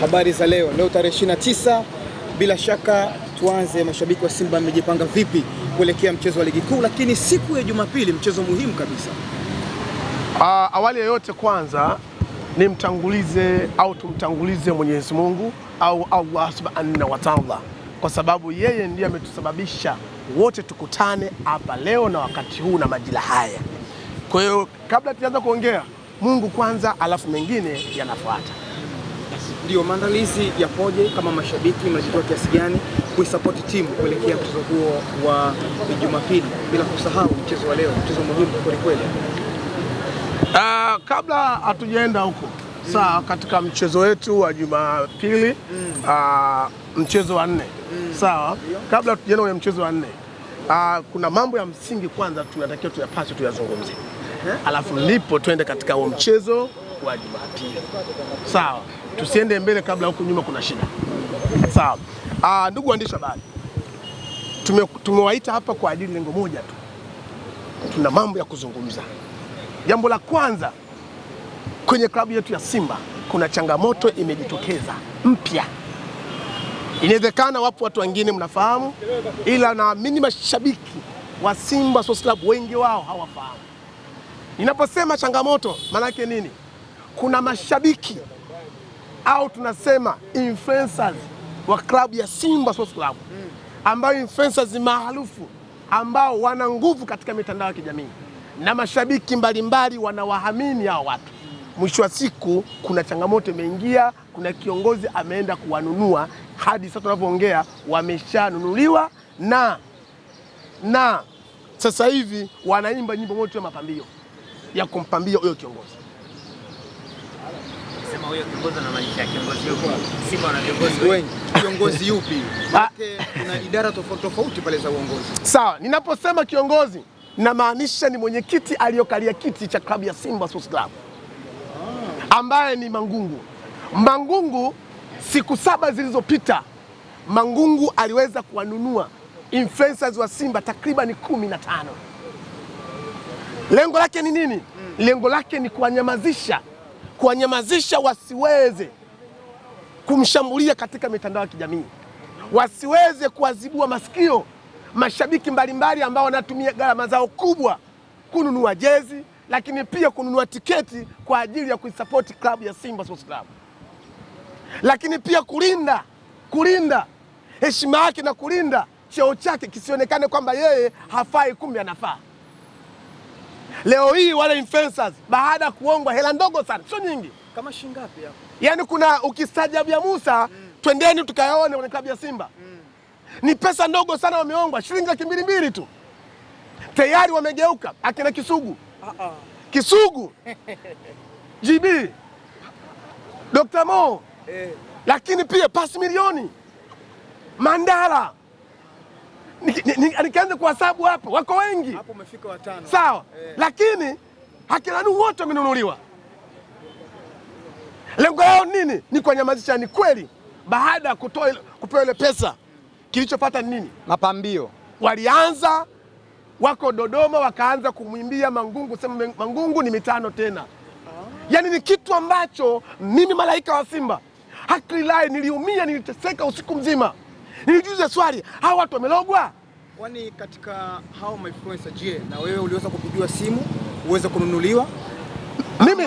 Habari za leo, leo tarehe 29, bila shaka tuanze. Mashabiki wa Simba wamejipanga vipi kuelekea mchezo wa ligi kuu, lakini siku ya Jumapili, mchezo muhimu kabisa. Aa, ah, awali yoyote kwanza nimtangulize au tumtangulize Mwenyezi Mungu au Allah Subhanahu wa Ta'ala, kwa sababu yeye ndiye ametusababisha wote tukutane hapa leo na wakati huu na majira haya. Kwa hiyo kabla tujaanza kuongea, Mungu kwanza, alafu mengine yanafuata. Ndio maandalizi yapoje? Kama mashabiki mnajitoa kiasi gani kuisapoti timu kuelekea mchezo huo wa Jumapili, bila kusahau mchezo wa leo, mchezo muhimu kwelikweli? Uh, ah, kabla hatujaenda huko mm. Sawa, katika mchezo wetu wa Jumapili mm. uh, mchezo wa nne mm. Sawa, kabla hatujaenda kwenye mchezo wa nne uh, kuna mambo ya msingi kwanza tunatakiwa tuyapase tuyazungumze, eh? alafu ndipo tuende katika huo mchezo inakuwa Jumapili. Sawa, tusiende mbele kabla huku nyuma kuna shida. Sawa. Ah, ndugu waandishi habari, tumewaita hapa kwa ajili lengo moja tu, tuna mambo ya kuzungumza. Jambo la kwanza, kwenye klabu yetu ya Simba kuna changamoto imejitokeza mpya. Inawezekana wapo watu wengine mnafahamu, ila naamini mashabiki wa Simba Sports Club wengi wao hawafahamu. Ninaposema changamoto maana yake nini? kuna mashabiki au tunasema influencers wa klabu ya Simba Sports Club ambayo influencers maarufu ambao wana nguvu katika mitandao ya kijamii na mashabiki mbalimbali wanawahamini hao watu. Mwisho wa siku, kuna changamoto imeingia, kuna kiongozi ameenda kuwanunua. Hadi sasa tunavyoongea, wameshanunuliwa na na sasa hivi wanaimba nyimbo moto ya mapambio ya kumpambia huyo kiongozi kusema huyo kiongozi anamaanisha kiongozi yupi? Simba na viongozi wengi. Kiongozi yupi? Ah. Kuna idara tofauti tofauti pale za uongozi. Sawa, ninaposema kiongozi namaanisha ni mwenyekiti aliyokalia kiti cha klabu ya Simba Sports Club ah. ambaye ni Mangungu. Mangungu siku saba zilizopita Mangungu aliweza kuwanunua influencers wa Simba takriban kumi na tano. Lengo lake ni nini? Hmm. Lengo lake ni kuwanyamazisha kuwanyamazisha wasiweze kumshambulia katika mitandao ya kijamii, wasiweze kuwazibua masikio mashabiki mbalimbali ambao wanatumia gharama zao kubwa kununua jezi, lakini pia kununua tiketi kwa ajili ya kuisapoti klabu ya Simba Sports Club, lakini pia kulinda kulinda heshima yake na kulinda cheo chake kisionekane kwamba yeye hafai, kumbe anafaa. Leo hii wale influencers baada ya kuongwa hela ndogo sana, sio nyingi, kama shilingi ngapi hapo? Yaani kuna ukistaajabu ya Musa mm. Twendeni tukayaone kwenye klabu ya Simba mm. Ni pesa ndogo sana, wameongwa shilingi laki mbili mbili tu, tayari wamegeuka akina Kisugu uh -uh. Kisugu GB Dr. Mo eh. Lakini pia pasi milioni Mandala kwa sababu hapo wako wengi hapo, umefika watano. Sawa eh. Lakini hakilanu wote wamenunuliwa, lengo lao nini? Ni nyamazisha Ni kweli, baada ya kutoa kupewa ile pesa, kilichopata nini? Mapambio. Walianza wako Dodoma, wakaanza kumwimbia Mangungu, sema Mangungu ni mitano tena. Ah. Yaani ni kitu ambacho mimi malaika wa Simba hakilai, niliumia, niliteseka usiku mzima. Niujize swali, hao watu wamelogwa? Kwani katika hao friends, je, na wewe uliweza kupigiwa simu uweze kununuliwa? Mimi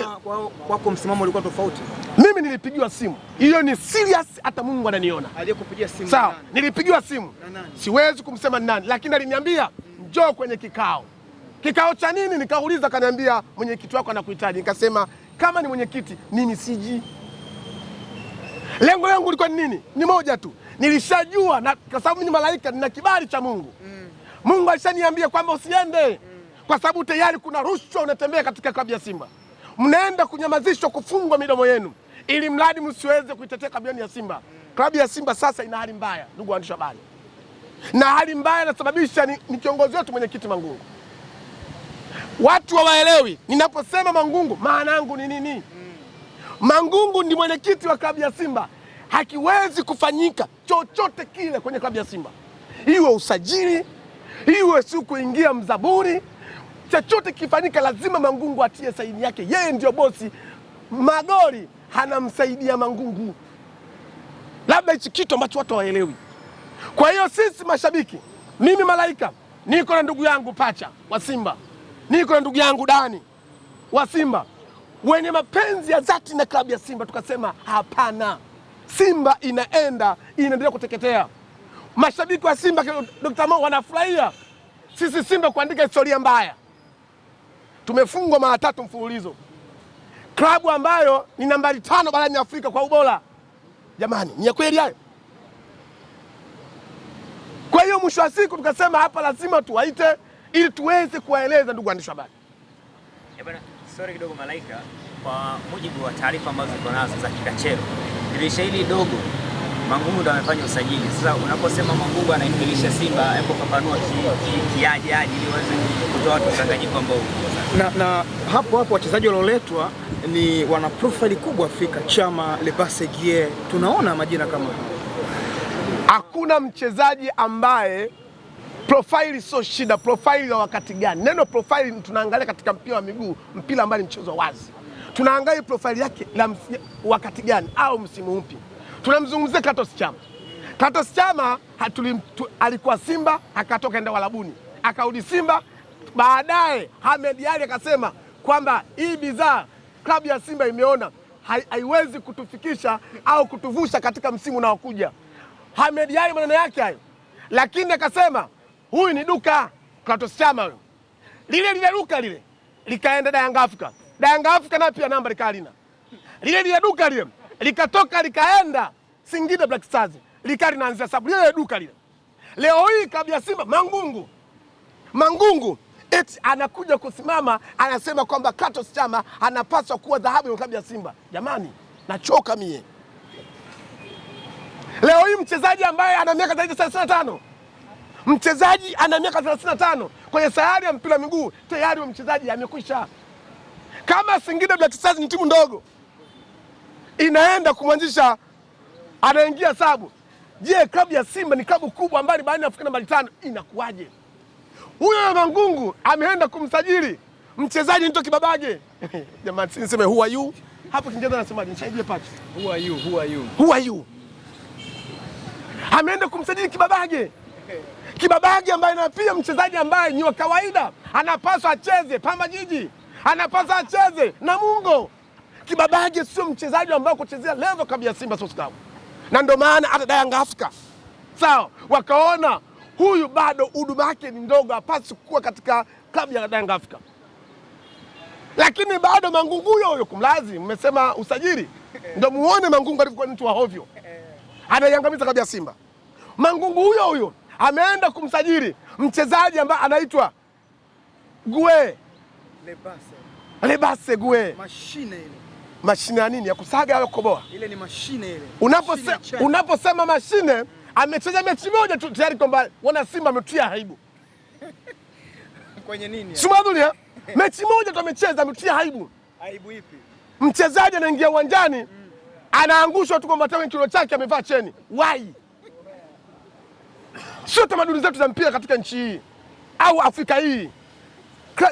kwako kwa msimamo ulikuwa tofauti. Mimi nilipigiwa simu, hiyo ni serious, hata Mungu ananiona. Aliyekupigia simu sawa, nilipigiwa simu na nani? Siwezi kumsema nani, lakini aliniambia njoo kwenye kikao. Kikao cha nini? Nikauliza, kaniambia mwenyekiti wako anakuhitaji. Nikasema kama ni mwenyekiti, mimi siji. Lengo langu lilikuwa ni nini? Ni moja tu nilishajua na kwa sababu mimi ni malaika, nina kibali cha Mungu mm. Mungu alishaniambia kwamba usiende mm. kwa sababu tayari kuna rushwa unatembea katika klabu ya Simba, mnaenda kunyamazishwa, kufungwa midomo yenu, ili mradi msiweze kuitetea klabu ya Simba mm. Klabu ya Simba sasa ina hali mbaya, ndugu waandishi habari, na hali mbaya inasababisha ni, ni kiongozi wetu mwenyekiti Mangungu. Watu hawaelewi ninaposema Mangungu maana yangu ni nini mm. Mangungu ni mwenyekiti wa klabu ya Simba hakiwezi kufanyika chochote kile kwenye klabu ya Simba, iwe usajili, iwe si kuingia mzaburi, chochote kifanyika, lazima Mangungu atie saini yake. Yeye ndiyo bosi, magori anamsaidia Mangungu, labda hichi kitu ambacho watu hawaelewi. Kwa hiyo sisi mashabiki, mimi Malaika niko na ndugu yangu Pacha wa Simba, niko na ndugu yangu Dani wa Simba wenye mapenzi ya dhati na klabu ya Simba, tukasema hapana. Simba inaenda inaendelea kuteketea. Mashabiki wa Simba Dr. Mo wanafurahia sisi Simba kuandika historia mbaya, tumefungwa mara tatu mfululizo, klabu ambayo ni nambari tano barani Afrika kwa ubora. Jamani, ni ya kweli hayo? Kwa hiyo mwisho wa siku tukasema hapa lazima tuwaite ili tuweze kuwaeleza, ndugu waandishi wa habari. Eh, sorry kidogo Malaika, kwa mujibu wa taarifa ambazo ziko nazo za kikachero dirisha hili dogo Mangumu ndo amefanya usajili. Sasa unaposema Mangumu anaingilisha Simba hapo kapanua kiaji aji ili waweze kutoa watu mchanganyiko ambao na, na hapo hapo wachezaji walioletwa ni wana profile kubwa Afrika, Chama, Lebasegie, tunaona majina kama hakuna mchezaji ambaye profile sio shida. Profile ya wakati gani? Neno profile tunaangalia katika mpira wa miguu, mpira ambao ni mchezo wazi tunaangalia profile yake na wakati gani au msimu upi. Tunamzungumzia Clatous Chama. Clatous Chama hatulim, tu, alikuwa Simba akatoka enda walabuni akarudi Simba. Baadaye Ahmed Ally akasema kwamba hii bidhaa klabu ya Simba imeona haiwezi kutufikisha au kutuvusha katika msimu unaokuja. Ahmed Ally maneno yake hayo, lakini akasema huyu ni duka Clatous Chama huyu. Lile lile duka lile likaenda Yanga Africa Yanga Afrika nayo pia namba likalina lile lile duka lile likatoka likaenda Singida Black Stars likali naanzia sababu lile duka lile. Leo hii klabu ya Simba Mangungu Mangungu eti anakuja kusimama anasema kwamba Clatous Chama anapaswa kuwa dhahabu ya klabu ya Simba. Jamani, nachoka mie. Leo hii mchezaji ambaye ana miaka zaidi ya 35 mchezaji ana miaka 35 kwenye sayari ya mpira miguu tayari wa mchezaji amekwisha. Kama Singida Black Stars ni timu ndogo inaenda kumwanzisha anaingia sabu, je, klabu ya Simba ni klabu kubwa ambayo barani Afrika namba tano, inakuwaje? Huyo Mangungu ameenda kumsajili mchezaji nito Kibabage. Jamani, siniseme who are you hapo Kiingereza anasemaje? Nisaidie pacha, who are you, who are you, who are you? Ameenda kumsajili Kibabage, Kibabage ambaye na pia mchezaji ambaye ni wa kawaida, anapaswa acheze Pamba Jiji anapasa acheze mungo kibabage sio mchezaji ambayo kuchezea level kabla ya Simba Sports Club, na ndio maana hata Yanga Afrika sawa, wakaona huyu bado huduma yake ni ndogo, hapasi kuwa katika klabu ya Yanga Afrika. Lakini bado Mangungu huyo huyo kumlazi, mmesema usajili ndio muone Mangungu alivyokuwa mtu wa hovyo, anaiangamiza klabu ya Simba. Mangungu huyo huyo ameenda kumsajili mchezaji ambaye anaitwa Gue Lebase. Lebase gue. Mashine ile. Mashine ya nini? Ya kusaga au kukoboa? Ile ni mashine ile. Unaposema unaposema mashine, Amecheza mechi moja tu tayari kwamba wana Simba ametutia aibu. Kwenye nini? Sumadhulia. Eh? Mechi moja tu amecheza ametia aibu. Aibu ipi? Mchezaji anaingia uwanjani mm. Anaangushwa tu kwamba tawe kilo chake amevaa cheni. Why? Sio tamaduni zetu za mpira katika nchi hii au Afrika hii.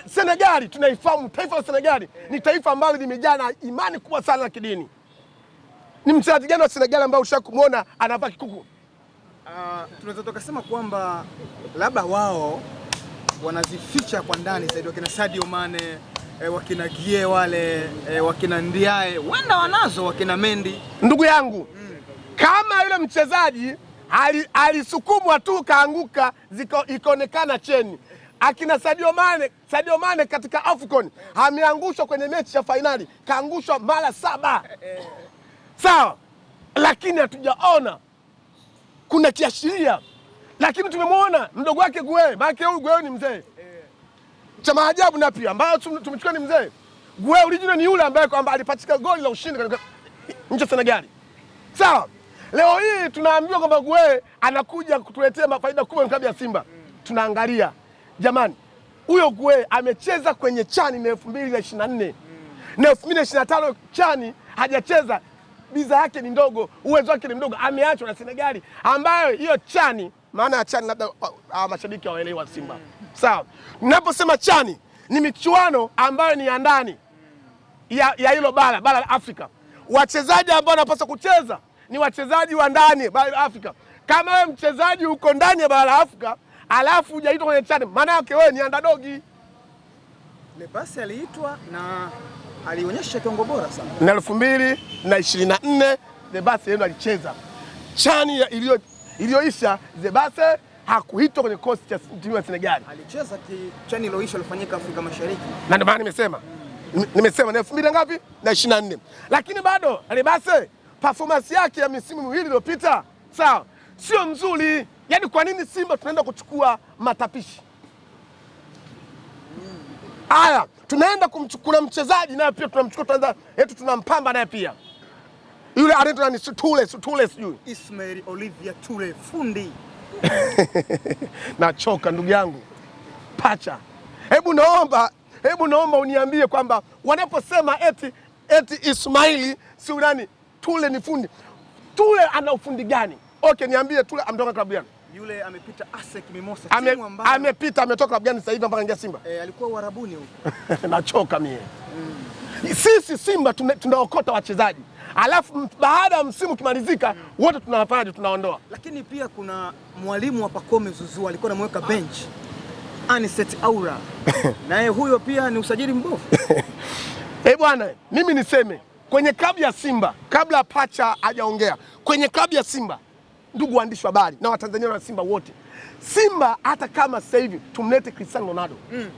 Senegali tunaifahamu, taifa la Senegali ni taifa ambalo limejaa na imani kubwa sana ya kidini. Ni mchezaji gani wa Senegali ambaye kumwona anavaa kikuku? Uh, tunaweza tukasema kwamba labda wao wanazificha kwa ndani zaidi, wakina Sadio Mane eh, wakina Gie wale eh, wakina Ndiaye wenda wanazo, wakina Mendi. Ndugu yangu mm, kama yule mchezaji alisukumwa ali tu kaanguka, ikaonekana cheni, akina Sadio Mane Sadio Mane katika AFCON ameangushwa kwenye mechi ya fainali, kaangushwa mara saba sawa, lakini hatujaona kuna kiashiria, lakini tumemwona mdogo wake Gueye, maana huyu Gueye ni mzee cha maajabu na pia ambayo tumechukua ni mzee Gueye original ni yule ambaye kwamba alipatika goli la ushindi katika nchi sana gari Sawa. Leo hii tunaambiwa kwamba Gueye anakuja kutuletea faida kubwa kabla ya Simba. Tunaangalia jamani, huyo Gueye amecheza kwenye chani na elfu mbili na ishirini na nne na elfu mbili na ishirini na tano chani hajacheza. Biza yake ni ndogo, uwezo wake ni mdogo, ameachwa na Senegali ambayo hiyo chani, maana ya chani labda uh, mashabiki hawaelewi Simba. Sawa, naposema chani ni michuano ambayo ni ya ndani ya hilo bara, bara la Afrika. Wachezaji ambao wanapaswa kucheza ni wachezaji wa ndani bara la Afrika. Kama wewe mchezaji uko ndani ya bara la Afrika alafu hujaitwa kwenye chani, maana yake wewe ni andadogi. Ile pasi aliitwa na alionyesha kiwango bora sana. Na elfu mbili na ishirini na nne Zebase yenu alicheza chani iliyoisha. Zebase hakuitwa kwenye kikosi cha timu ya Senegal, alicheza chani iliyoisha ilifanyika Afrika Mashariki, na ndio maana nimesema nimesema ni elfu mbili ngapi na ishirini na nne, lakini bado Zebase performance yake ya misimu miwili iliyopita sawa, sio nzuri. Yaani kwa nini Simba tunaenda kuchukua matapishi haya? Tunaenda kumchukua mchezaji naye pia tunamchukua, tunaanza eti tunampamba naye pia yule anaitwa nani? Tule Tule, sijui Ismail Olivia Tule, fundi nachoka ndugu yangu pacha. Hebu naomba hebu naomba uniambie kwamba wanaposema eti eti Ismaili si nani Tule ni fundi, Tule ana ufundi gani? Okay, niambie Tule ametoka klabu gani? Yule amepita Asek Mimosa. Ame, amepita ametoka Afghanistan sasa hivi mpaka ingia Simba. E, alikuwa Uarabuni huko. Nachoka mie. Mm. Sisi Simba tunaokota wachezaji alafu baada ya msimu ukimalizika mm. wote tunawafanya tunaondoa. Lakini pia kuna mwalimu wa Pacome Zouzoua alikuwa anamweka bench. Aniset Aura. Naye huyo pia ni usajili mbovu. Eh, bwana, mimi niseme kwenye klabu ya Simba kabla pacha hajaongea kwenye klabu ya Simba ndugu waandishi wa habari na Watanzania na Simba wote, Simba hata kama sasa hivi tumlete Cristiano Ronaldo mm.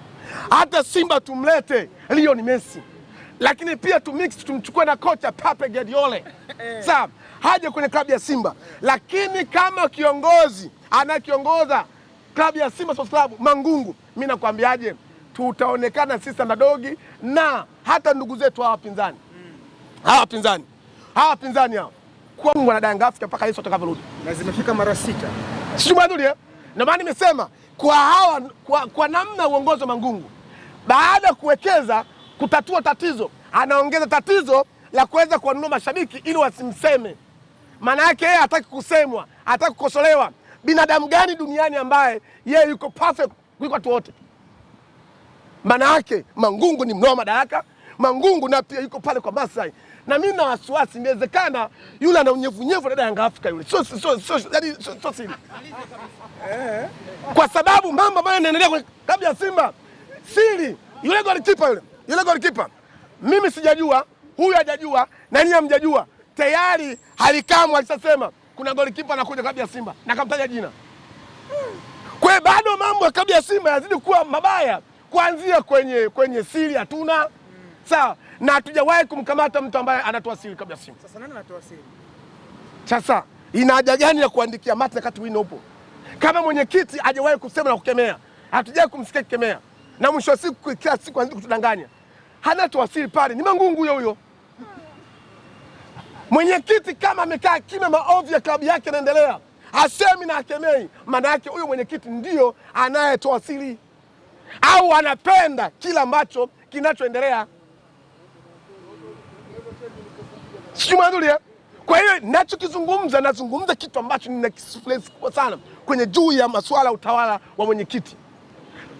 hata Simba tumlete Lionel Messi, lakini pia tumix tumchukue na kocha Pep Guardiola eh. sawa, haje kwenye klabu ya Simba, lakini kama kiongozi anakiongoza klabu ya Simba Sports Club Mangungu, mimi nakwambiaje, tutaonekana sisi ndadogi na hata ndugu zetu hawa wapinzani mm. hawa wapinzani hawa wapinzani hawa kwa Mungu anadanga Afrika mpaka Yesu atakavyorudi. Na zimefika mara sita. Sio mazuri eh? Ndio maana nimesema kwa hawa kwa, kwa namna uongozi wa Mangungu baada ya kuwekeza kutatua tatizo, anaongeza tatizo la kuweza kuwanunua mashabiki ili wasimseme. Maana yake yeye hataki kusemwa, hataki kukosolewa. Binadamu gani duniani ambaye yeye yuko perfect kuliko watu wote? Maana yake Mangungu ni mnoa madaraka, Mangungu na pia yuko pale kwa Masai, na mimi na wasiwasi, inawezekana yule ana unyevunyevu na Yanga Afrika yule, sio sio sio, yani sio siri, kwa sababu mambo ambayo yanaendelea kabla ya Simba siri. Yule golikipa yule yule golikipa, mimi sijajua, huyu hajajua, nani amjajua tayari Halikamu alishasema kuna golikipa anakuja kabla ya Simba na kamtaja jina. Kwa bado mambo kabla ya Simba yazidi kuwa mabaya, kuanzia kwenye kwenye siri hatuna sawa, na hatujawahi kumkamata mtu ambaye anatoa siri kabla simu. Sasa nani anatoa siri? Sasa ina haja gani ya kuandikia mate wakati wino upo? Kama mwenyekiti hajawahi kusema na kukemea, hatujawahi kumsikia kukemea, na mwisho wa siku kila siku anazidi kutudanganya, hana siri pale, ni mangungu huyo huyo. Mwenyekiti kama amekaa kimya, maovu ya klabu yake yanaendelea, asemi na akemei, maana yake huyo mwenyekiti ndio anayetoa siri au anapenda kila ambacho kinachoendelea. sijui mwanatulia. Eh? Kwa hiyo ninachokizungumza, nazungumza kitu ambacho nina kisuflesi kubwa sana kwenye juu ya masuala ya utawala wa mwenyekiti.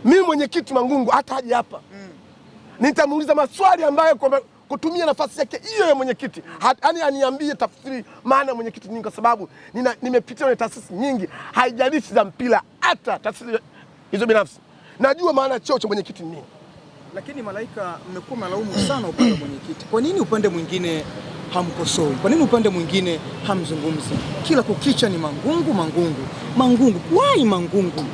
Mimi mwenyekiti Mangungu hata haji hapa mm. nitamuuliza maswali ambayo kwa kutumia nafasi yake hiyo ya mwenyekiti yaani aniambie tafsiri maana mwenyekiti nyingi, kwa sababu nimepitia kwenye taasisi nyingi, haijalishi za mpira, hata taasisi hizo binafsi, najua maana cheo cha mwenyekiti nini. Lakini Malaika, mmekuwa malaumu sana upande wa mwenyekiti, kwa nini upande mwingine hamkosoi? Kwa nini upande mwingine hamzungumzi? Kila kukicha ni mangungu mangungu mangungu, wai mangungu.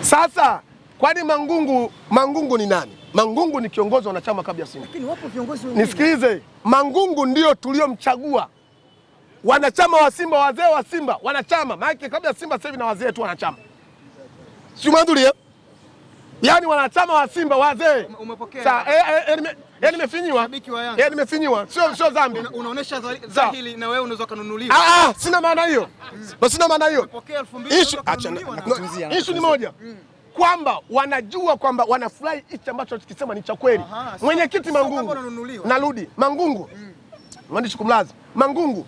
Sasa kwani mangungu mangungu ni nani? Mangungu ni kiongozi wa wanachama kabla ya Simba, lakini wapo viongozi wengine. Nisikilize, mangungu ndio tuliomchagua wanachama wa Simba, wazee wa Simba, wanachama maana kabla ya Simba sasa hivi na wazee tu wanachama, siumadhulie eh? Yaani wanachama wa Simba wazee. Umepokea. Yaani nimefinyiwa. Yaani nimefinyiwa. Sio sio dhambi. Unaonesha dhahiri na wewe unaweza kununuliwa. Ah ah, sina maana hiyo. Basi sina maana hiyo. Issue ni mm. moja. Kwamba wanajua kwamba wanafurahi hichi ambacho tukisema ni cha kweli. Mwenyekiti Mangungu. Narudi. Mangungu. Mm. Mwandishi kumlazi. Mangungu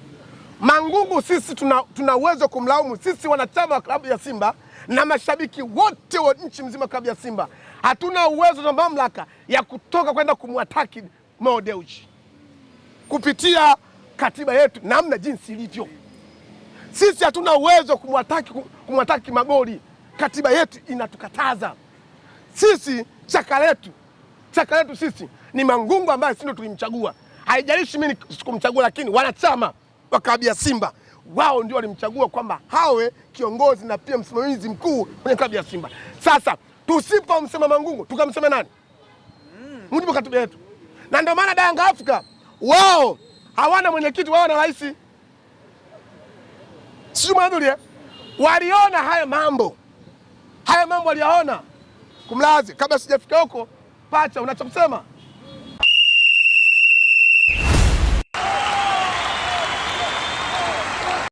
Mangungu sisi tuna, tuna uwezo kumlaumu sisi wanachama wa klabu ya Simba na mashabiki wote wa nchi mzima klabu ya Simba, hatuna uwezo na mamlaka ya kutoka kwenda kumwataki Mo Dewji kupitia katiba yetu namna jinsi ilivyo. Sisi hatuna uwezo kumwataki kumwataki magoli, katiba yetu inatukataza sisi. Chaka letu chaka letu sisi ni Mangungu ambaye sindo tulimchagua, haijalishi mimi sikumchagua, lakini wanachama wa klabu ya Simba wao ndio walimchagua kwamba hawe kiongozi na pia msimamizi mkuu kwenye klabu ya Simba. Sasa tusipomsema Mangungu tukamsema nani? Mm. Mujibu katiba yetu, na ndio maana Yanga Afrika wao hawana mwenyekiti wao na rais siumaadhulie eh? waliona haya mambo, haya mambo waliyaona. Kumlazi, kabla sijafika huko, pacha unachokusema